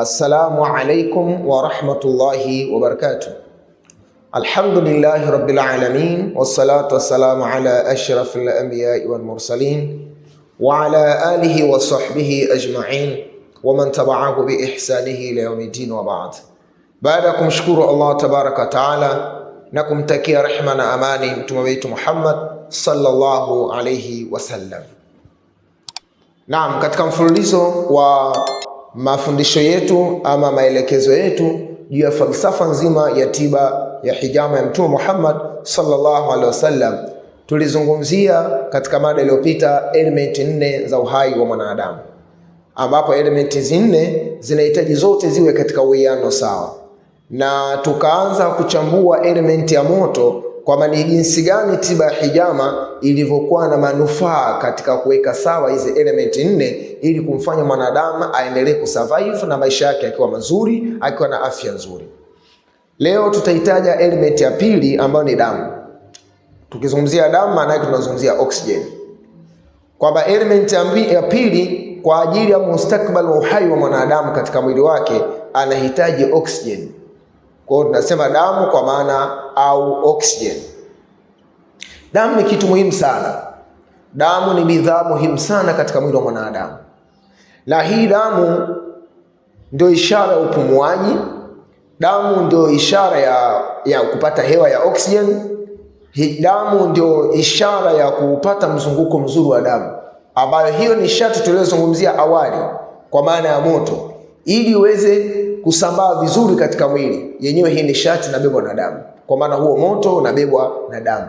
السلام عليكم ورحمة الله وبركاته الحمد لله رب العالمين والصلاة والسلام على أشرف الأنبياء والمرسلين وعلى آله وصحبه أجمعين ومن تبعه بإحسانه ليوم الدين وبعد بعدكم شكر الله تبارك وتعالى نكم تكي kumtakia أماني تمويت محمد صلى الله عليه وسلم نعم wasallam naam katika mfululizo mafundisho yetu ama maelekezo yetu juu ya falsafa nzima ya tiba ya hijama ya Mtume Muhammad sallallahu alaihi wasallam. Tulizungumzia katika mada iliyopita elementi nne za uhai wa mwanadamu, ambapo elementi zinne zinahitaji zote ziwe katika uwiano sawa, na tukaanza kuchambua elementi ya moto kwamba ni jinsi gani tiba ya hijama ilivyokuwa na manufaa katika kuweka sawa hizi elementi nne ili kumfanya mwanadamu aendelee kusurvive na maisha yake akiwa mazuri, akiwa na afya nzuri. Leo tutahitaja elementi ya pili ambayo ni damu. Tukizungumzia damu, maana yake tunazungumzia oxygen, kwamba elementi ya pili kwa ajili ya mustakbal wa uhai wa mwanadamu katika mwili wake anahitaji oxygen. Kwa hiyo tunasema damu kwa maana au oxygen. Damu ni kitu muhimu sana. Damu ni bidhaa muhimu sana katika mwili wa mwanadamu, na hii damu ndio ishara ya upumuaji. Damu ndio ishara ya, ya kupata hewa ya oxygen. Damu ndio ishara ya kupata mzunguko mzuri wa damu, ambayo hiyo ni shati tuliyozungumzia awali, kwa maana ya moto, ili uweze kusambaa vizuri katika mwili, yenyewe hii nishati inabebwa na damu, kwa maana huo moto unabebwa na damu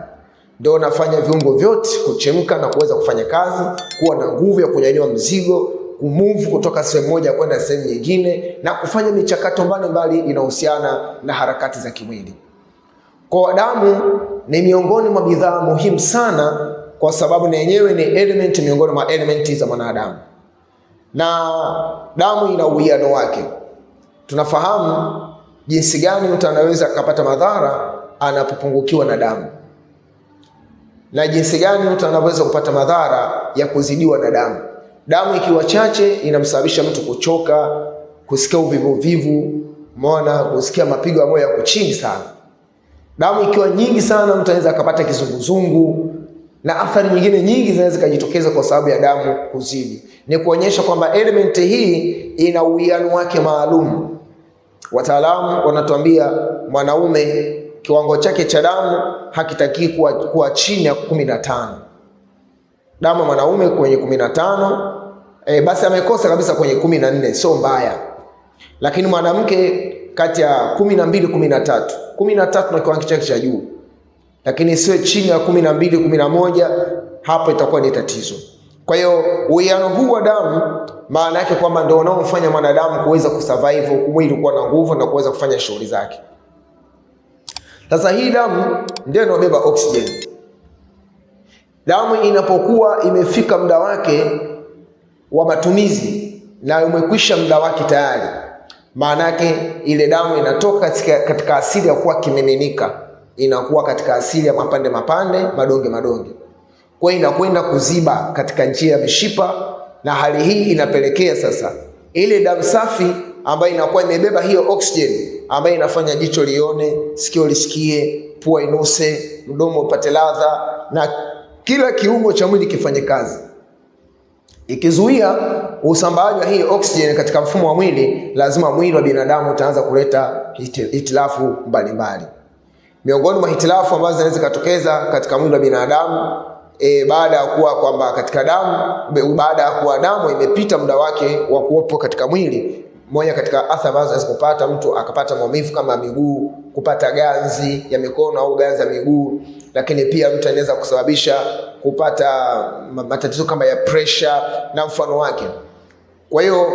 ndio unafanya viungo vyote kuchemka na kuweza kufanya kazi, kuwa na nguvu ya kunyanyua mzigo, kumuvu kutoka sehemu moja kwenda sehemu nyingine, na kufanya michakato mbalimbali inahusiana na harakati za kimwili. Kwa damu ni miongoni mwa bidhaa muhimu sana, kwa sababu na yenyewe ni element miongoni mwa elementi za mwanadamu, na damu ina uwiano wake tunafahamu jinsi gani mtu anaweza akapata madhara anapopungukiwa na damu na jinsi gani mtu anaweza kupata madhara ya kuzidiwa na damu. Damu ikiwa chache inamsababisha mtu kuchoka, kusikia uvivu vivu, umeona, kusikia mapigo ya moyo yako chini sana. Damu ikiwa nyingi sana, mtu anaweza akapata kizunguzungu na athari nyingine nyingi zinaweza kujitokeza kwa sababu ya damu kuzidi. Ni kuonyesha kwamba elementi hii ina uwiano wake maalumu. Wataalamu wanatuambia mwanaume kiwango chake cha damu hakitakii kuwa, kuwa chini ya kumi na tano damu ya mwanaume kwenye kumi na tano e, basi amekosa kabisa kwenye kumi na nne sio mbaya, lakini mwanamke kati ya kumi na mbili kumi na tatu kumi na tatu na kiwango chake cha juu, lakini sio chini ya kumi na mbili kumi na moja hapo itakuwa ni tatizo. Kwa hiyo uwiano huu wa damu maana yake kwamba ndio unaomfanya mwanadamu kuweza kusurvive mwili kuwa na nguvu na kuweza kufanya shughuli zake. Sasa hii damu ndio inobeba oxygen. Damu inapokuwa imefika muda wake wa matumizi na umekwisha muda wake tayari, maana yake ile damu inatoka katika asili ya kuwa kimiminika, inakuwa katika asili ya mapande mapande, madonge madonge, kwa inakwenda kuziba katika njia ya mishipa na hali hii inapelekea sasa ile damu safi ambayo inakuwa imebeba hiyo oxygen ambayo inafanya jicho lione, sikio lisikie, pua inuse, mdomo upate ladha na kila kiungo cha mwili kifanye kazi. Ikizuia usambaaji wa hii oxygen katika mfumo wa mwili, lazima mwili wa binadamu utaanza kuleta hitilafu mbalimbali. Miongoni mwa hitilafu ambazo zinaweza kutokeza katika mwili wa binadamu e, baada ya kuwa kwamba katika damu, baada ya kuwa damu imepita muda wake wa kuwepo katika mwili. Moja katika athari ambazo zinaweza kupata mtu akapata maumivu kama miguu, kupata ganzi ya mikono au ganzi ya miguu, lakini pia mtu anaweza kusababisha kupata matatizo kama ya pressure na mfano wake. Kwa hiyo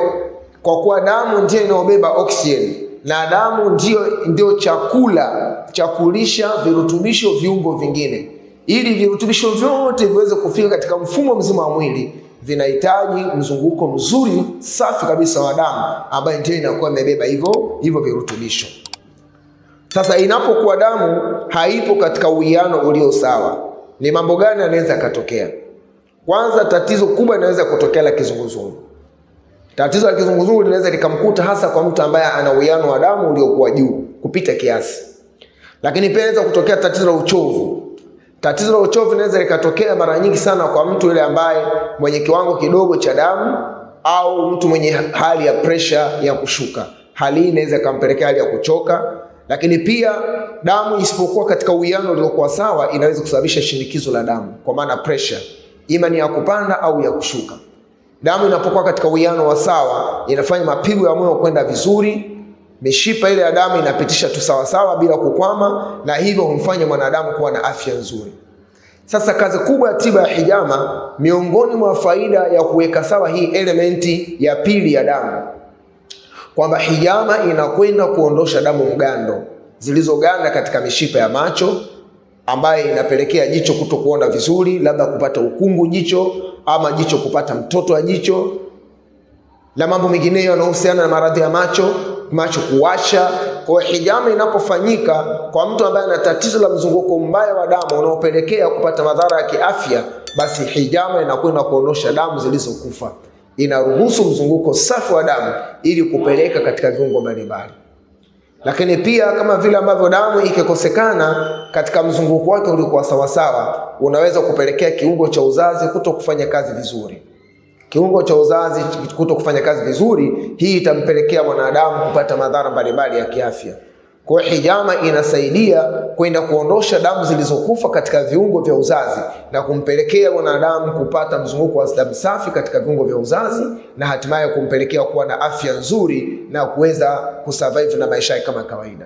kwa kuwa damu ndiyo inayobeba oksijeni na damu ndiyo, ndio chakula cha kulisha virutubisho viungo vingine ili virutubisho vyote viweze kufika katika mfumo mzima wa mwili vinahitaji mzunguko mzuri safi kabisa wa damu ambayo ndio inakuwa imebeba hivyo hivyo virutubisho. Sasa inapokuwa damu haipo katika uwiano ulio sawa, ni mambo gani yanaweza yakatokea? Kwanza, tatizo kubwa linaweza kutokea la kizunguzungu. Tatizo la kizunguzungu linaweza likamkuta hasa kwa mtu ambaye ana uwiano wa damu uliokuwa juu kupita kiasi, lakini pia inaweza kutokea tatizo la uchovu Tatizo la uchovu linaweza likatokea mara nyingi sana kwa mtu yule ambaye mwenye kiwango kidogo cha damu au mtu mwenye hali ya presha ya kushuka. Hali hii inaweza ikampelekea hali ya kuchoka, lakini pia damu isipokuwa katika uwiano uliokuwa sawa inaweza kusababisha shinikizo la damu, kwa maana presha, ima ni ya kupanda au ya kushuka. Damu inapokuwa katika uwiano wa sawa, inafanya mapigo ya moyo kwenda vizuri mishipa ile ya damu inapitisha tu sawasawa bila kukwama, na hivyo humfanya mwanadamu kuwa na afya nzuri. Sasa kazi kubwa ya tiba ya hijama, miongoni mwa faida ya kuweka sawa hii elementi ya pili ya damu, kwamba hijama inakwenda kuondosha damu mgando zilizoganda katika mishipa ya macho ambayo inapelekea jicho kuto vizuri, labda kupata ukungu jicho, ama jicho kupata mtoto wa jicho na mambo mengineyo yanayohusiana na maradhi ya macho macho kuwasha. Kwa hiyo hijama inapofanyika kwa mtu ambaye ana tatizo la mzunguko mbaya wa damu unaopelekea kupata madhara ya kiafya, basi hijama inakwenda kuondosha damu zilizokufa, inaruhusu mzunguko safi wa damu ili kupeleka katika viungo mbalimbali. Lakini pia kama vile ambavyo damu ikikosekana katika mzunguko wake uliokuwa sawasawa, unaweza kupelekea kiungo cha uzazi kuto kufanya kazi vizuri kiungo cha uzazi kuto kufanya kazi vizuri, hii itampelekea mwanadamu kupata madhara mbalimbali ya kiafya. Kwa hiyo hijama inasaidia kwenda kuondosha damu zilizokufa katika viungo vya uzazi na kumpelekea mwanadamu kupata mzunguko wa damu safi katika viungo vya uzazi na hatimaye kumpelekea kuwa na afya nzuri na kuweza kusurvive na maisha kama kawaida.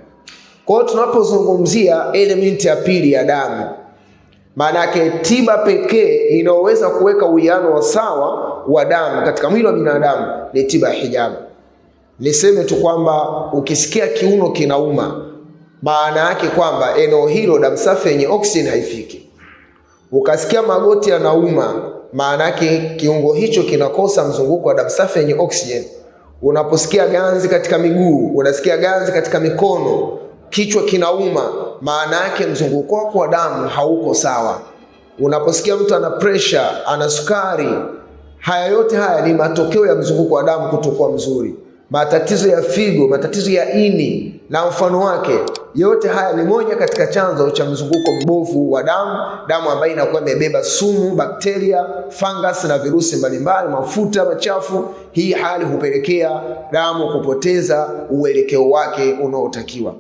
Kwa hiyo tunapozungumzia elementi ya pili ya damu maana yake tiba pekee inayoweza kuweka uwiano wa sawa wa damu katika mwili wa binadamu ni tiba ya hijama. Niseme tu kwamba ukisikia kiuno kinauma, maana yake kwamba eneo hilo damu safi yenye oksijeni haifiki. Ukasikia magoti yanauma, maana yake kiungo hicho kinakosa mzunguko wa damu safi yenye oksijeni. Unaposikia ganzi katika miguu, unasikia ganzi katika mikono, kichwa kinauma maana yake mzunguko wako wa damu hauko sawa. Unaposikia mtu ana pressure, ana sukari, haya yote haya ni matokeo ya mzunguko wa damu kutokuwa mzuri, matatizo ya figo, matatizo ya ini na mfano wake. Yote haya ni moja katika chanzo cha mzunguko mbovu wa damu, damu ambayo inakuwa imebeba sumu, bakteria, fungus na virusi mbalimbali, mafuta machafu. Hii hali hupelekea damu kupoteza uelekeo wake unaotakiwa.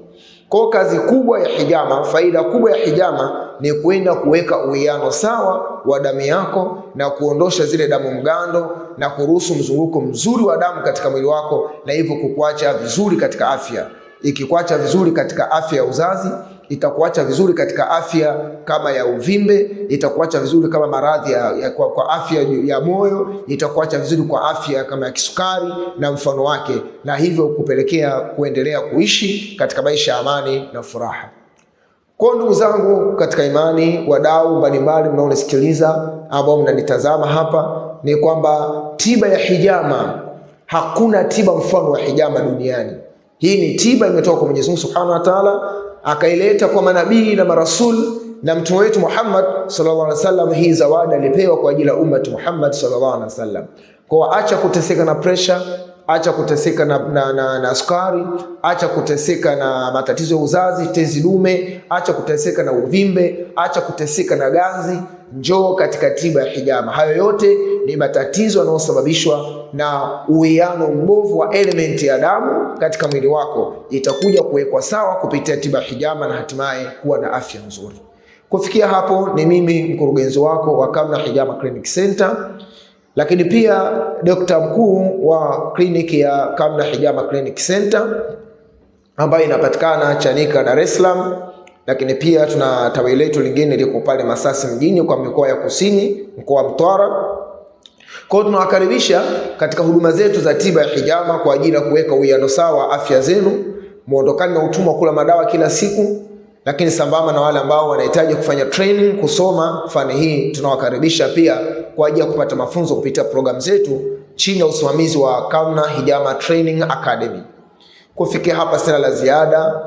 Kwa kazi kubwa ya hijama, faida kubwa ya hijama ni kwenda kuweka uwiano sawa wa damu yako na kuondosha zile damu mgando na kuruhusu mzunguko mzuri wa damu katika mwili wako, na hivyo kukuacha vizuri katika afya. Ikikuacha vizuri katika afya ya uzazi itakuacha vizuri katika afya kama ya uvimbe, itakuacha vizuri kama maradhi ya, ya, kwa, kwa afya ya moyo, itakuacha vizuri kwa afya kama ya kisukari na mfano wake, na hivyo kupelekea kuendelea kuishi katika maisha ya amani na furaha. Kwa ndugu zangu katika imani, wadau mbalimbali mnaonisikiliza, ambao mnanitazama hapa, ni kwamba tiba ya hijama, hakuna tiba mfano wa hijama duniani. Hii ni tiba imetoka kwa Mwenyezi Mungu Subhanahu wa Ta'ala akaileta kwa manabii na marasul na mtume wetu Muhammad sallallahu alaihi wasallam. Hii zawadi alipewa kwa ajili ya ummati Muhammad sallallahu alaihi wasallam. Kwa acha kuteseka na pressure, acha kuteseka na, na, na, na sukari, acha kuteseka na matatizo ya uzazi, tezi dume, acha kuteseka na uvimbe, acha kuteseka na ganzi, njoo katika tiba ya hijama. Hayo yote ni matatizo yanayosababishwa na uwiano mbovu wa elementi ya damu katika mwili wako itakuja kuwekwa sawa kupitia tiba hijama na hatimaye kuwa na afya nzuri. Kufikia hapo, ni mimi mkurugenzi wako wa Kamna Hijama Clinic Center, lakini pia dokta mkuu wa kliniki ya Kamna Hijama Clinic Center ambayo inapatikana Chanika, Dar es Salaam lakini pia tuna tawi letu lingine liko pale Masasi mjini kwa mikoa ya Kusini, mkoa wa Mtwara kwa hiyo tunawakaribisha katika huduma zetu za tiba ya hijama kwa ajili ya kuweka uwiano sawa afya zenu, muondokane na utumwa kula madawa kila siku, lakini sambamba na wale ambao wanahitaji kufanya training, kusoma fani hii, tunawakaribisha pia kwa ajili ya kupata mafunzo kupitia programu zetu chini ya usimamizi wa Kamna Hijama Training Academy. Kufikia hapa sina la ziada.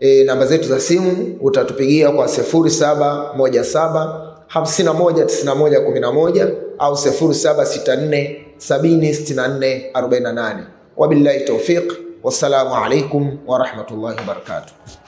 E, namba zetu za simu utatupigia kwa 0717 51 91 11 au 0764 70 64 48. Wabillahi taufiq, wassalamu alaikum warahmatullahi wabarakatuh.